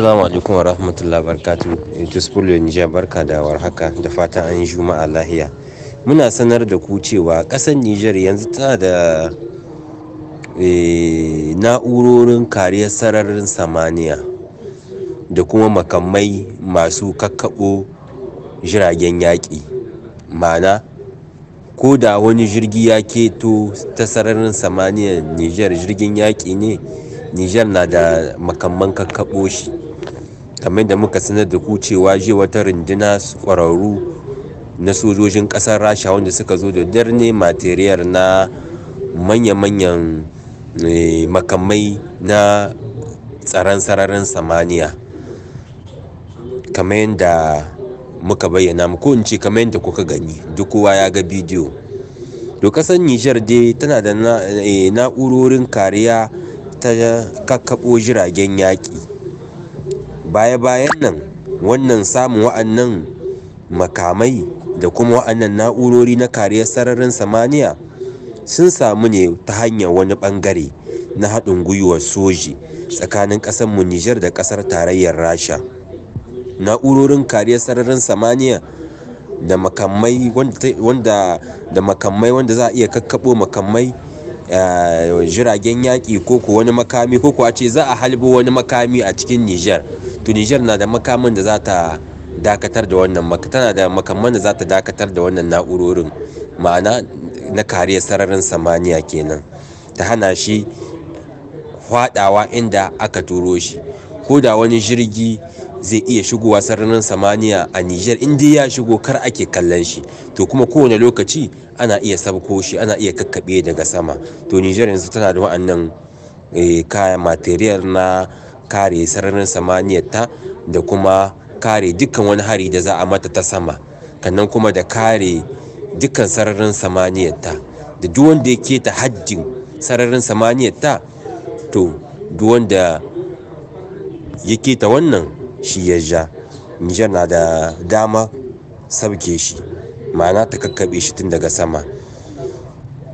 Assalamu alaikum wa rahmatullahi barkatu. Tusfulio Nijar barka da haka da fatan an yi juma'a lahiya. Muna sanar da ku cewa ƙasar Nijar yanzu ta da eh, na'urorin kariyar sararin samaniya da kuma makamai masu kakkaɓo jiragen yaƙi. Mana ko da wani jirgi ya keto ta sararin samaniya Nijar jirgin yaƙi ne. Nijar na da makamman kakkaɓo shi kamar da muka sanar da ku cewa jiya wata rundina kwararru na sojojin kasar rasha wanda suka zo da darne materiyar na manya-manyan eh, makamai na tsaron sararin samaniya kamar yadda muka bayyana mu ko ce kamar yadda kuka gani duk kowa ya ga bidiyo to kasar nijar dai tana da eh, na'urorin kariya ta kakkaɓo jiragen yaƙi baya-bayan nan wannan samun wa'annan makamai da kuma wa'annan na'urori na kariyar sararin samaniya sun samu ne ta hanyar wani bangare na haɗin gwiwar soji tsakanin ƙasar Nijar da ƙasar tarayyar Rasha. Na'urorin kariyar sararin samaniya da makamai wanda da za a iya kakkaɓo makamai eh, jiragen yaƙi ko ko wani makami ko ko ce za a halbo wani makami a cikin Nijar to niger na da makamin da za ta dakatar da wannan tana da makamman da za ta dakatar da wannan na'urorin ma'ana na kariyar sararin samaniya kenan ta hana shi fadawa inda aka turo shi ko da wani jirgi zai iya shigowa sararin samaniya a niger inda ya shigo kar ake kallon shi to kuma kowane lokaci ana iya sabko shi ana iya kakkaɓe daga sama to niger yanzu tana da wa'annan eh, kayan material na kare sararin samaniyar da kuma kare dukkan wani hari da za a mata ta sama kannan kuma da kare dukkan sararin samaniyar ta da duk wanda yake ta haddin sararin samaniyar to duk wanda yake ta wannan shi ya ja Nijar na da dama sabke shi ma'ana ta kakkaɓe shi tun daga sama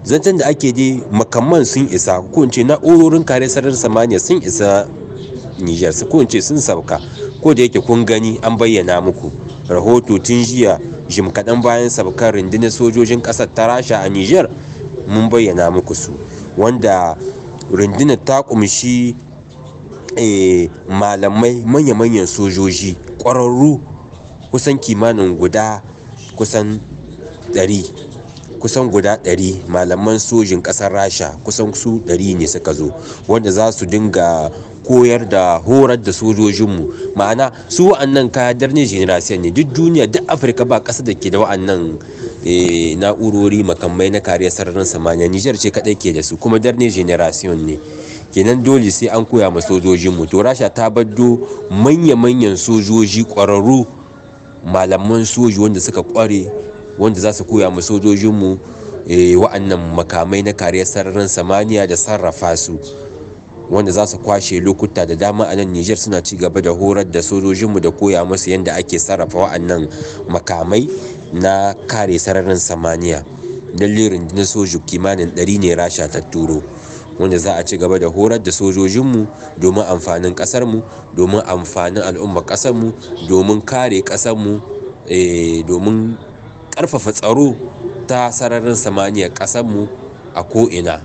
zancen da ake dai makamman sun isa ko in ce na'urorin kare sararin samaniya sun isa Nijar ko ce sun sauka ko da yake kun gani an bayyana muku rahoto tun jiya jim kaɗan bayan sabkar rundunar sojojin ƙasar ta rasha a Nijar mun bayyana muku su wanda rundunar ta kumshi eh, malamai manya-manyan sojoji ƙwararru kusan kimanin guda kusan ɗari kusan guda ɗari malaman sojin ƙasar rasha kusan su ɗari ne suka zo wanda za su dinga koyar da horar da sojojinmu ma'ana su wa'annan kayadar ne generation ne duk duniya duk afirka ba ƙasa da ke da wa'annan eh, na'urori makamai na kariyar sararin samaniya nijar ce kadai ke da su kuma ne generation ne kenan dole sai an koya ma sojojinmu to rasha ta baddo manya-manyan sojoji ƙwararru malaman soji wanda suka ƙware wanda za su koya ma sojojinmu eh, wa'annan makamai na kariyar sararin samaniya da sarrafa su wanda za su kwashe lokuta da dama a nan Nijar suna ci gaba da horar da sojojinmu da koya musu yadda ake sarrafa wa'annan makamai na kare sararin samaniya don lirin na soju kimanin ɗari ne rasha ta turo wanda za a ci gaba da horar da sojojinmu domin amfanin ƙasarmu domin amfanin al'ummar ƙasarmu domin kare ƙasarmu eh, domin ƙarfafa tsaro ta sararin samaniya ƙasarmu a ko'ina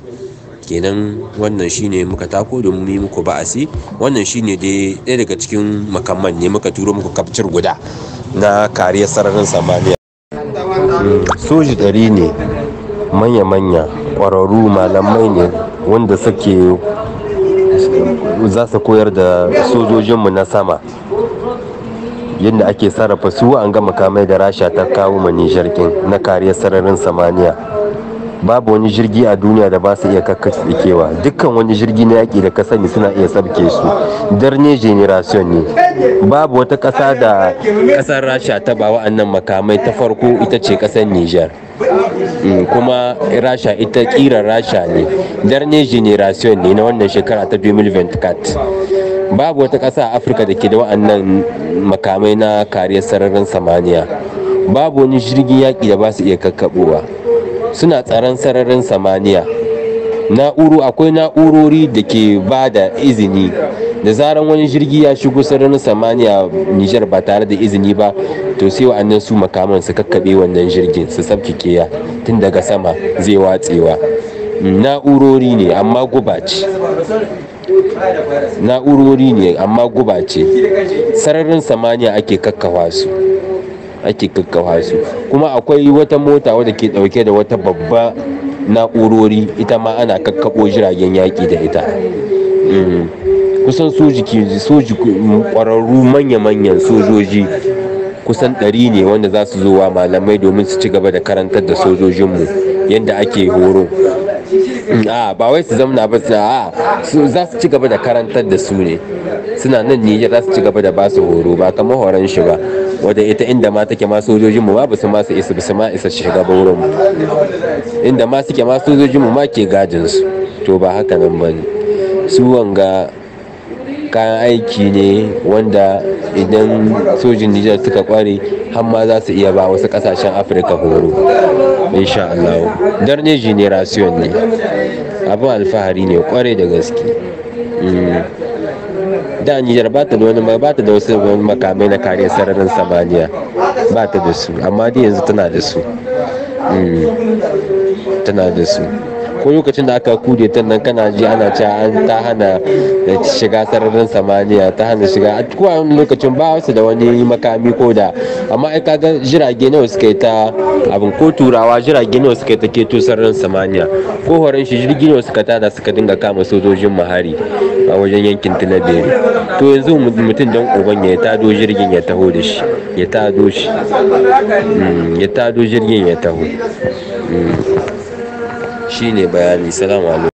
kenan wannan shine muka tako domin yi muku ba'asi wannan shine dai ɗaya daga cikin makamman ne muka turo muku kafcir guda na kariyar sararin samaniya soji ɗari ne manya-manya ƙwararru malamai ne wanda suke za su koyar da sojojinmu na sama yadda ake sarrafa su an ga makamai da rasha ta kawo ma na kariyar sararin samaniya babu wani jirgi a duniya da ba su iya kakkatikewa dukkan wani jirgi na yaƙi da ka sani suna iya sabke su dar ne generation ne babu wata ƙasa da ƙasar rasha ta ba wa'annan makamai ta farko ita ce ƙasar niger eh, kuma rasha ita ƙira rasha ne dar ne generation ne na wannan shekara ta 2024 babu wata ƙasa a afirka da ke da wa'annan makamai na kariyar sararin samaniya babu wani jirgin yaƙi da ba su iya kakkaɓowa suna tsaron sararin samaniya na'uru akwai na'urori da ke ba da izini da zaran wani jirgi ya shigo sararin samaniya nijar ba tare da izini ba to sai wa'annan su makaman su kakkaɓe wannan jirgin su sabkike ya tun daga sama zai watsewa na'urori ne amma guba na'urori ne amma guba ce sararin samaniya ake kakkawa su ake kakkawa su kuma akwai wata mota wadda ke dauke da wata babba na'urori ita ma ana kakkabo jiragen yaƙi da ita mm. kusan soji kwararru manya-manyan sojoji kusan ɗari ne wanda za su zo wa malamai domin su ci gaba da karantar da sojojinmu yadda ake horo Mm, a ah, ba wai su zamna ba suna a ah, su za su ci gaba da karantar da su ne suna nan ne za su ci gaba da ba su horo ba kamar horon shi ba wadda ita inda ma take ma sojojin mu ma ba su ma su isa su ma isa shiga ba wurin inda ma suke ma sojojin mu ma ke gajin su to ba haka nan ba ne su wanga kayan aiki ne wanda idan sojin Nijar suka kware hamma za su iya ba wasu kasashen Afirka horo insha Allah darne generation ne abin alfahari ne kware da gaske hmm. da Nijar ba ta da wani ba ta da wasu makamai na kariyar sararin samaniya ba ta da su amma dai yanzu tana da su hmm. tana da su ko lokacin da aka kude ta nan kana ji ana cewa an ta hana eh, shiga sararin samaniya ta hana shiga a kowane lokacin ba wasu da wani makami ko da amma ai kaga jirage nawa suka yi ta abin ko turawa jirage nawa suka yi ta keto sararin samaniya ko horon shi jirgi nawa suka tada suka dinga kama sojojin mahari a wajen yankin tilaberi to yanzu mutum don uban ya tado jirgin ya taho da shi ya tado shi hmm, ya tado jirgin ya taho hmm. shine bayani salamu alaikum